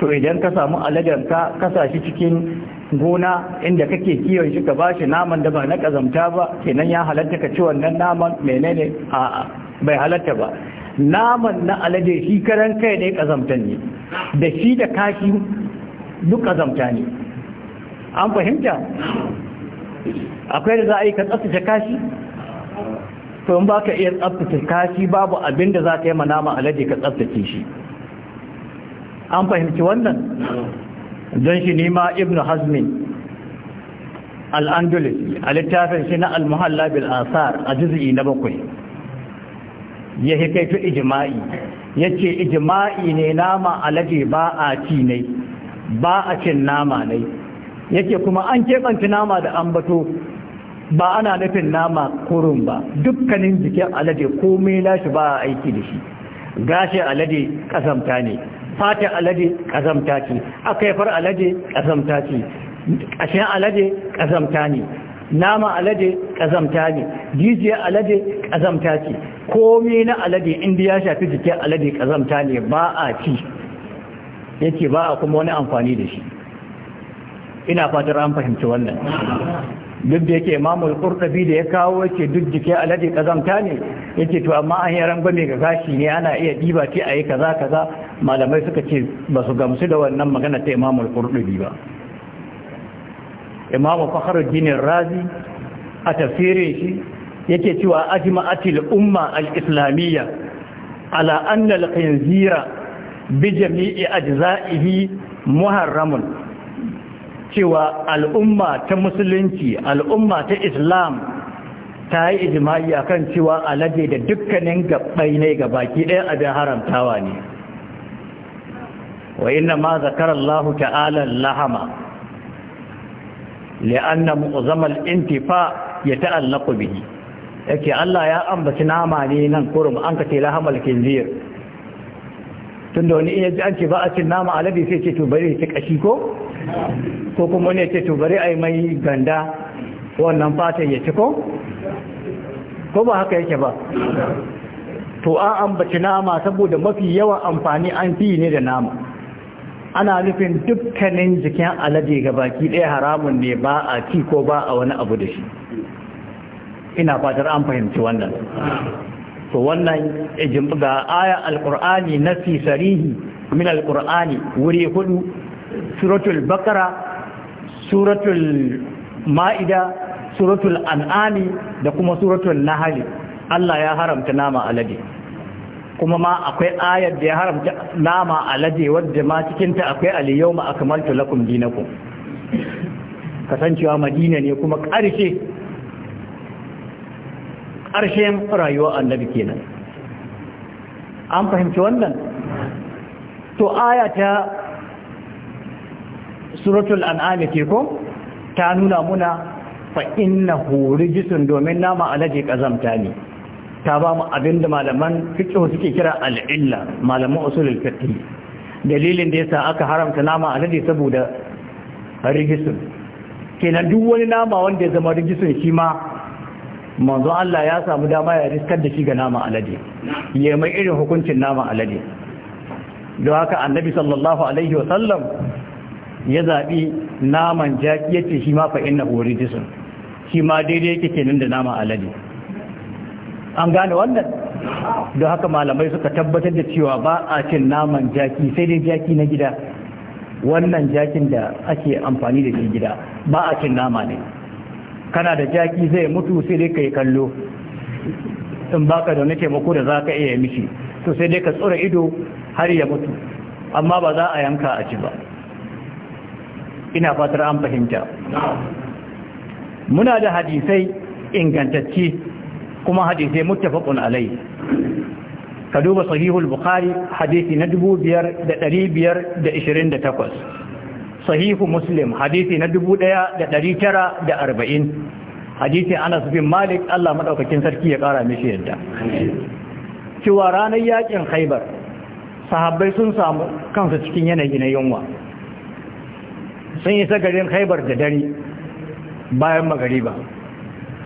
Speaker 1: to idan ka samu aladen ka kasa shi cikin gona inda kake kiwon shi ka bashi naman da ba na kazamta ba kenan ya halatta ka ci wannan naman menene a'a bai halatta ba naman na alade shi karan kai ne kazamta ne da shi da kashi duk kazamta ne an fahimta akwai da za a yi ka tsaftace kashi to in ba ka iya tsaftace kashi babu abin da za ka yi manama alaji ka tsaftace shi an fahimci wannan don shi nima ibn hazmin al'andulus a littafin shi na al-muhalla bil asar a juzi'i na bakwai ya hikaitu ijima'i ya ce ijima'i ne nama alaji ba a ci ne ba a cin nama ne yake kuma an keɓanta nama da ambato ba ana nufin nama kurun ba dukkanin jikin alade komai lashi ba a aiki da shi gashi alade kazamta ne fatin alade kazamta ce akaifar alade kazamta ce ƙashin alade kazamta ne nama alade kazamta ne jijiyar alade kazamta ce komai na alade inda ya shafi jikin alade kazamta ne ba a ci yake ba a kuma wani amfani da shi ina fatar an fahimci wannan duk da yake imamul qurtubi da ya kawo yake duk jike alade kazanta ne yake to amma an yaran gome ga gashi ne ana iya diba ce ayi kaza kaza malamai suka ce ba su gamsu da wannan magana ta imamul qurtubi ba imamu fakhruddin razi a tafsirin shi yake cewa ajma'atil umma al-islamiyya ala anna al-khinzira bi jami'i ajza'ihi muharramun cewa al'umma ta musulunci al'umma ta islam ta yi ijimai a kan cewa alade da dukkanin gabai ne ga baki ɗaya abin haramtawa ne wa inna ma zakarar lahu ta'ala lahama li'anna mu'zamal intifa ya ta'allaku bihi yake Allah ya ambaci nama ne nan kurum an ka ce lahamal kinzir tun da wani iya ji an ce ba a cin nama alade sai ce to bari ya ci kashi ko ko kuma ne ce to bari a yi mai ganda wannan fatan ya ci ko ko ba haka yake ba to an ambaci nama saboda mafi yawan amfani an fi ne da nama ana nufin dukkanin jikin alade ga baki ɗaya haramun ne ba a ci ko ba a wani abu da shi ina fatar an fahimci wannan to wannan ga aya alkur'ani na sarihi min alkur'ani wuri hudu suratul bakara suratul ma'ida suratul an'ami da kuma suratul nahali Allah ya haramta nama alade kuma ma akwai ayar da ya haramta nama alade wadda ma cikinta akwai al-yawma akmaltu lakum dinakum kasancewa madina ne kuma ƙarshe ƙarshen rayuwa annabi kenan an fahimci wannan to aya ta suratul an'am ke ko ta nuna muna fa innahu domin nama alaji kazamta ne ta ba mu abinda malaman fiqh suke kira al-illa malaman usulul fiqh dalilin da yasa aka haramta nama alaji saboda rijsun kenan duk wani nama wanda ya zama rijsun shi ma manzo Allah ya samu dama ya riskar da shi ga nama alade ya mai irin hukuncin nama alade don haka annabi sallallahu alaihi sallam. ya zaɓi naman jaki ya ce shi ma fa'in na orijisun shi ma daidai yake kenan da nama alade an gane wannan don haka malamai suka tabbatar da cewa ba a cin naman jaki sai dai jaki na gida wannan jakin da ake amfani da ke gida ba a cin nama ne kana da jaki zai mutu sai dai ka yi kallo in baka da wani taimako da za ka iya mishi to sai dai ka tsura ido har ya mutu amma ba za a yanka a ci ba ina fatar an fahimta muna da hadisai ingantacce kuma hadisai muttafaqun alai ka duba sahihul bukhari hadisi na 2528 sahihu muslim hadisi na 1940 hadisi anas bin malik Allah madaukakin sarki ya kara mishi yadda cewa ranar yakin khaibar sahabbai sun samu kansu cikin yanayi na yunwa sun yi sagarin haibar da dare bayan magariba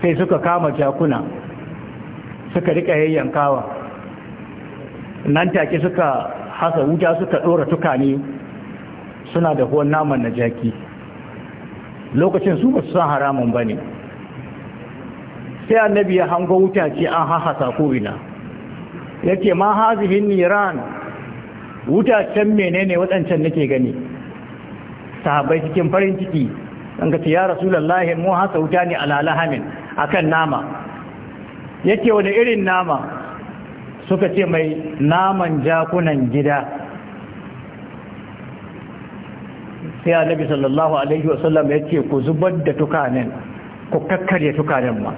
Speaker 1: sai suka kama jakuna suka rika yayyankawa nan take suka hasa wuta suka dora tukane suna da huwan naman na jaki lokacin su ba su san haramun ba ne sai annabi ya hango wuta ce an hahasa ko'ina ya ma hazihin niran wuta can menene waɗancan nake gani sahabbai cikin farin ciki an ka tiya ya rasulullahi mu hasa wuta ne alalahamin akan nama yake wani irin nama suka ce mai naman jakunan gida sai annabi sallallahu alaihi wasallam ya ce ku zubar da tukanin, ku kakkarya tukanin ma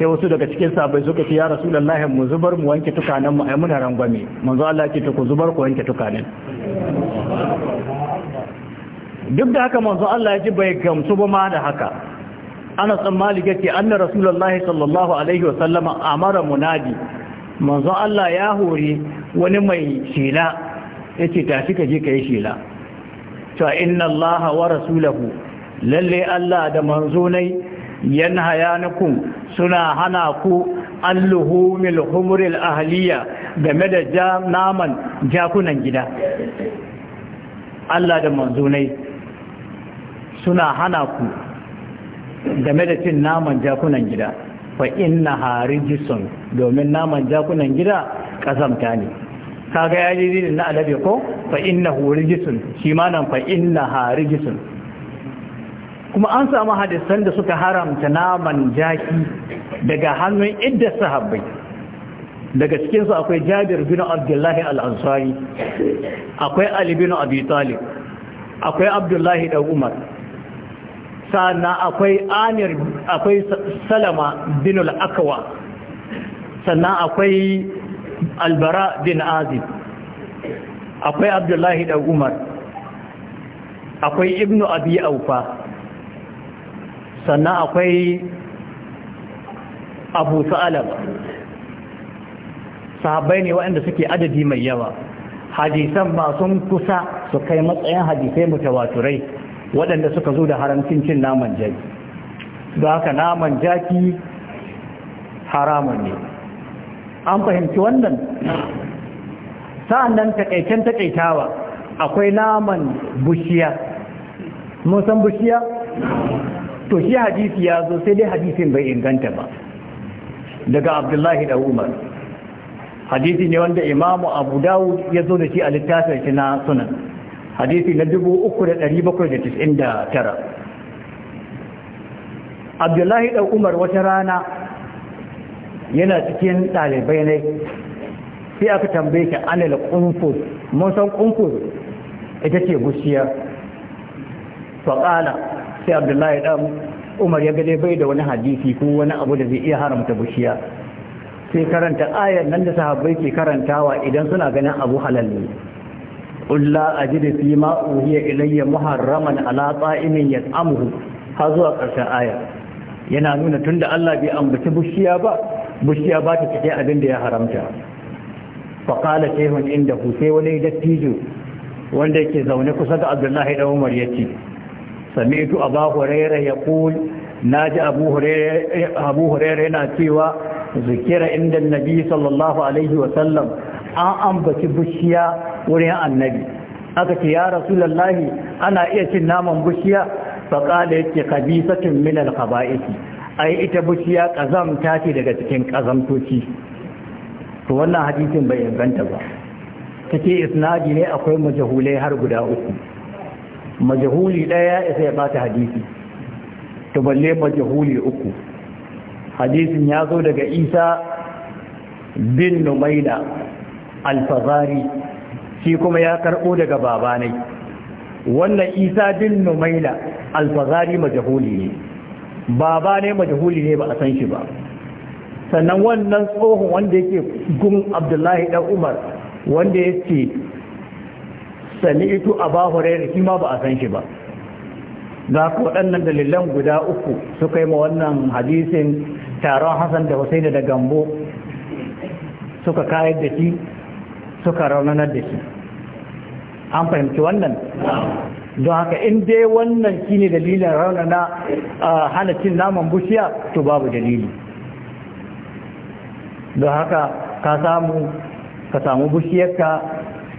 Speaker 1: sai wasu daga cikin sabai suka ce ya rasulullahi mu zubar mu wanke tukanin mu ai muna rangwame manzo Allah ya ta ku zubar ku wanke tukanin. duk da haka manzo Allah ya ji bai gamsu ba ma da haka ana tsammali yake anna rasulullahi sallallahu alaihi wasallama amara munadi manzo Allah ya hore wani mai shila. yace tafi ka je ka yi shela to inna allaha wa Rasuluhu, lalle Allah da manzo nai yanhayanukum suna hana ku alluhumil humuril ahliya game da naman jakunan gida Allah da manzunai suna hana ku game da cin naman jakunan gida fa inna harijison domin naman jakunan gida kasamta ne kaga yaji ji na alabe ko fa inna harijisun shi ma nan fa inna harijisun kuma an samu hadisan da suka haramta naman jaki daga hannun idda sahabbai daga cikinsu akwai jabir bin abdullahi al'ansari akwai ali bin abi akwai abdullahi ɗan umar sannan akwai amir akwai salama bin al'akawa sannan akwai albara bin azib akwai abdullahi ɗan umar akwai ibnu abi aufa sannan akwai abu sa'alaba sahabbai ne waɗanda suke adadi mai yawa hadisan ba sun kusa su kai matsayin hadisai mutawaturai waɗanda suka zo da haramcin cin naman jaki ba haka naman jaki haramun ne an fahimci wannan nan takaicen takaitawa akwai naman bushiya mun san bushiya to shi hadisi ya zo sai dai hadisin bai inganta ba daga abdullahi da umar hadisi ne wanda imamu abu dawud ya zo da shi a littafin shi na sunan hadisi na 3799 abdullahi ɗan umar wata rana yana cikin ɗalibai ne sai aka tambaye ta anil kunfus mun san kunfus ita ce gushiya. faƙala sai abdullahi ɗan umar ya gade bai da wani hadisi ko wani abu da zai iya haramta bushiya karanta aya nan da sahabbai ke karantawa idan suna ganin abu halal ne ulla ajidu fi ma uhiya ilayya muharraman alaƙa ta'imin yat'amuhu har zuwa ƙarshen aya, yana nuna tunda Allah bai ambaci bushiya ba bushiya ba ta cike abin da ya haramta fa qala shaykhun inda sai wani dattijo wanda yake zaune kusa da Abdullahi da Umar yace sami'tu Abu Hurairah yaqul naji Abu Hurairah Abu Hurairah yana cewa zikira inda nabi sallallahu alaihi wasallam an ambaci bishiya wurin annabi aka ce ya rasulallahi ana iya cin naman bishiya faƙa da yake kabisatin minal kaba'isi ai ita bishiya ƙazamta ce daga cikin ƙazamtoci to wannan hadisin bai inganta ba take isnadi ne akwai majahulai har guda uku majahuli ɗaya ya isa ya bata hadisi to balle majahuli uku hadisin ya zo daga isa bin Numaida alfazari shi kuma ya karɓo daga babanai wannan isa bin Numaida alfazari majahuli ne baba ne majahuli ne ba a san shi ba sannan wannan tsohon wanda yake gun abdullahi dan umar wanda ya ce sami'tu aba da shi ma ba a san shi ba za ku waɗannan dalilan guda uku suka yi ma wannan hadisin taron hassan da husaini da gambo suka kayar da shi suka raunanar da shi an fahimci wannan don haka in dai wannan shi ne dalilin raunana hana cin naman bushiya to babu dalili don haka ka samu ka samu bushiyarka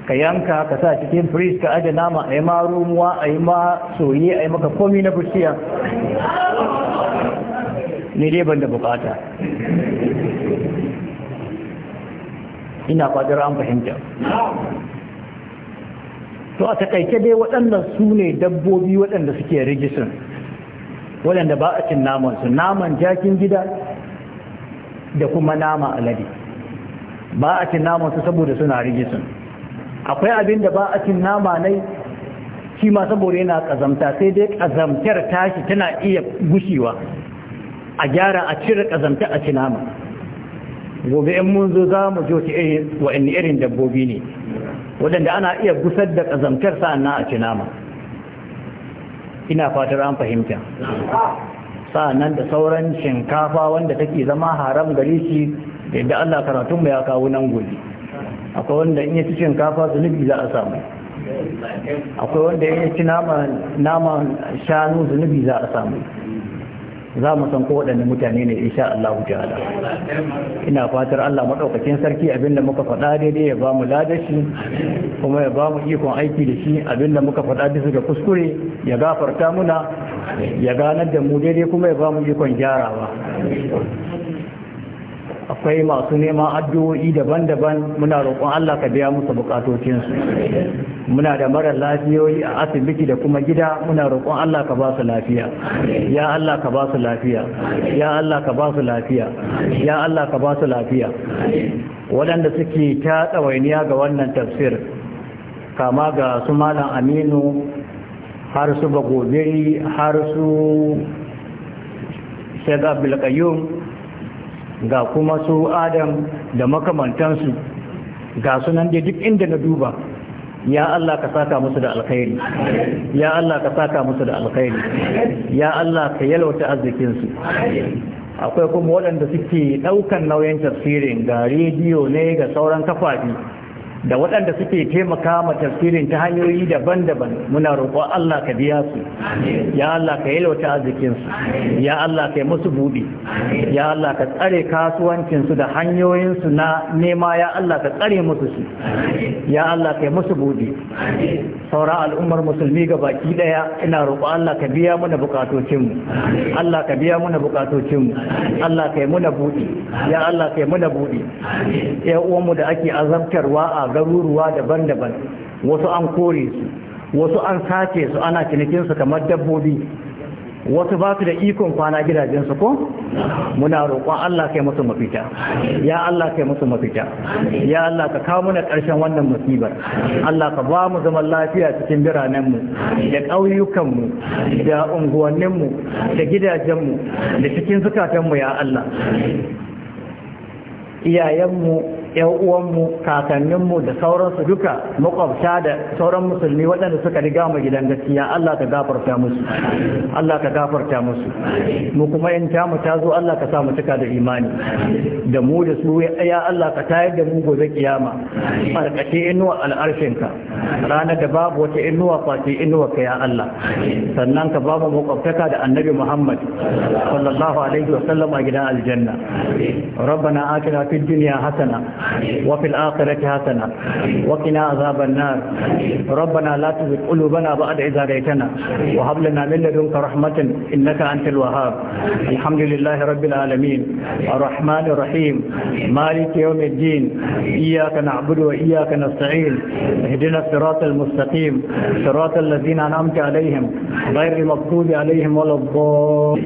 Speaker 1: ka yanka ka sa cikin firis ka aje nama a yi ma rumuwa a yi ma soye a yi maka komi na bushiya ne dai ban da bukata ina fadar an fahimta to a takaice dai waɗannan su ne dabbobi waɗanda suke rigisin waɗanda ba a cin namansu naman jakin gida da kuma nama alade ba a cin namansu saboda suna rigisin akwai abin da ba a cin nama nai shi ma saboda yana ƙazamta sai dai ƙazamtar tashi tana iya gushewa a gyara a cire ƙazanta a cinama gobe in mun zo za mu jo wa'in irin dabbobi ne waɗanda ana iya gusar da ƙazamtar sa'annan a cinama ina fatar an fahimta sa'annan da sauran shinkafa wanda take zama haram gare shi da yadda Allah karatunmu ya kawo nan gobe akwai wanda in ya ci shinkafa zunubi za a samu akwai wanda in ya ci nama shanu zunubi za a samu za mu san ko mutane ne insha Allah ta'ala ina fatar Allah madaukakin sarki abinda muka faɗa daidai ya ba mu ladashi kuma ya ba mu ikon aiki da shi abinda muka faɗa bisa ga kuskure ya gafarta muna ya ganar da mu daidai kuma ya ba mu ikon gyarawa akwai masu neman addu'o'i daban-daban muna roƙon Allah ka biya musu bukatocinsu muna da mara lafiyoyi a asibiti da kuma gida muna roƙon Allah ka ba su lafiya ya Allah ka ba su lafiya ya Allah ka ba su lafiya ya Allah ka ba su lafiya waɗanda suke ta tsawainiya ga wannan tafsir kama ga su malam aminu har su bagobiri har su shaga bilkayyum ga kuma su adam da makamantansu ga sunan da duk inda na duba ya Allah ka saka musu da alkhairi ya Allah ka saka musu da alkhairi ya Allah ka yalwata arzikinsu akwai kuma waɗanda suke ɗaukan nauyin tafsirin ga rediyo ne ga sauran kafafi da waɗanda suke taimaka ma tafsirin ta hanyoyi daban-daban muna roƙon Allah ka biya su ya Allah ka yalwata su. ya Allah ka yi musu buɗe ya Allah ka tsare kasuwancinsu da hanyoyinsu na nema ya Allah ka tsare musu su ya Allah ka yi musu buɗe Saura al'ummar musulmi ga baki daya ina roƙo Allah ka biya muna bukatocinmu Allah ka biya muna bukatocinmu Allah ka yi muna buɗi ya Allah ka yi muna buɗi ya uwanmu da ake azabtarwa a garuruwa daban-daban wasu an kore su wasu an sace su ana cinikinsu kamar dabbobi wasu ba su da ikon kwana gidajensu ko muna roƙon Allah kai musu mafita ya Allah kai musu mafita ya Allah ka kawo mana ƙarshen wannan musibar Allah ka ba mu zaman lafiya cikin biranenmu, da ƙauyukanmu, da unguwanninmu, da gidajenmu, da cikin zukatanmu ya Allah iyayenmu. yan uwanmu kakanninmu da sauransu duka makwabta da sauran musulmi waɗanda suka riga mu gidan gaskiya Allah ka gafarta musu Allah ka gafarta musu mu kuma in ta mu tazo Allah ka sa mu cika da imani da mu da su ya Allah ka tayar da mu gobe kiyama farkace inuwa al'arshinka ranar da babu wata inuwa face inuwa ka ya Allah sannan ka babu makwabtaka da annabi Muhammad sallallahu alaihi wa sallam a gidan aljanna ربنا آتنا في الدنيا حسنه وفي الآخرة حسنة وقنا عذاب النار ربنا لا تزغ قلوبنا بعد إذ هديتنا وهب لنا من لدنك رحمة إنك أنت الوهاب الحمد لله رب العالمين الرحمن الرحيم مالك يوم الدين إياك نعبد وإياك نستعين اهدنا الصراط المستقيم صراط الذين أنعمت عليهم غير المغضوب عليهم ولا الضالين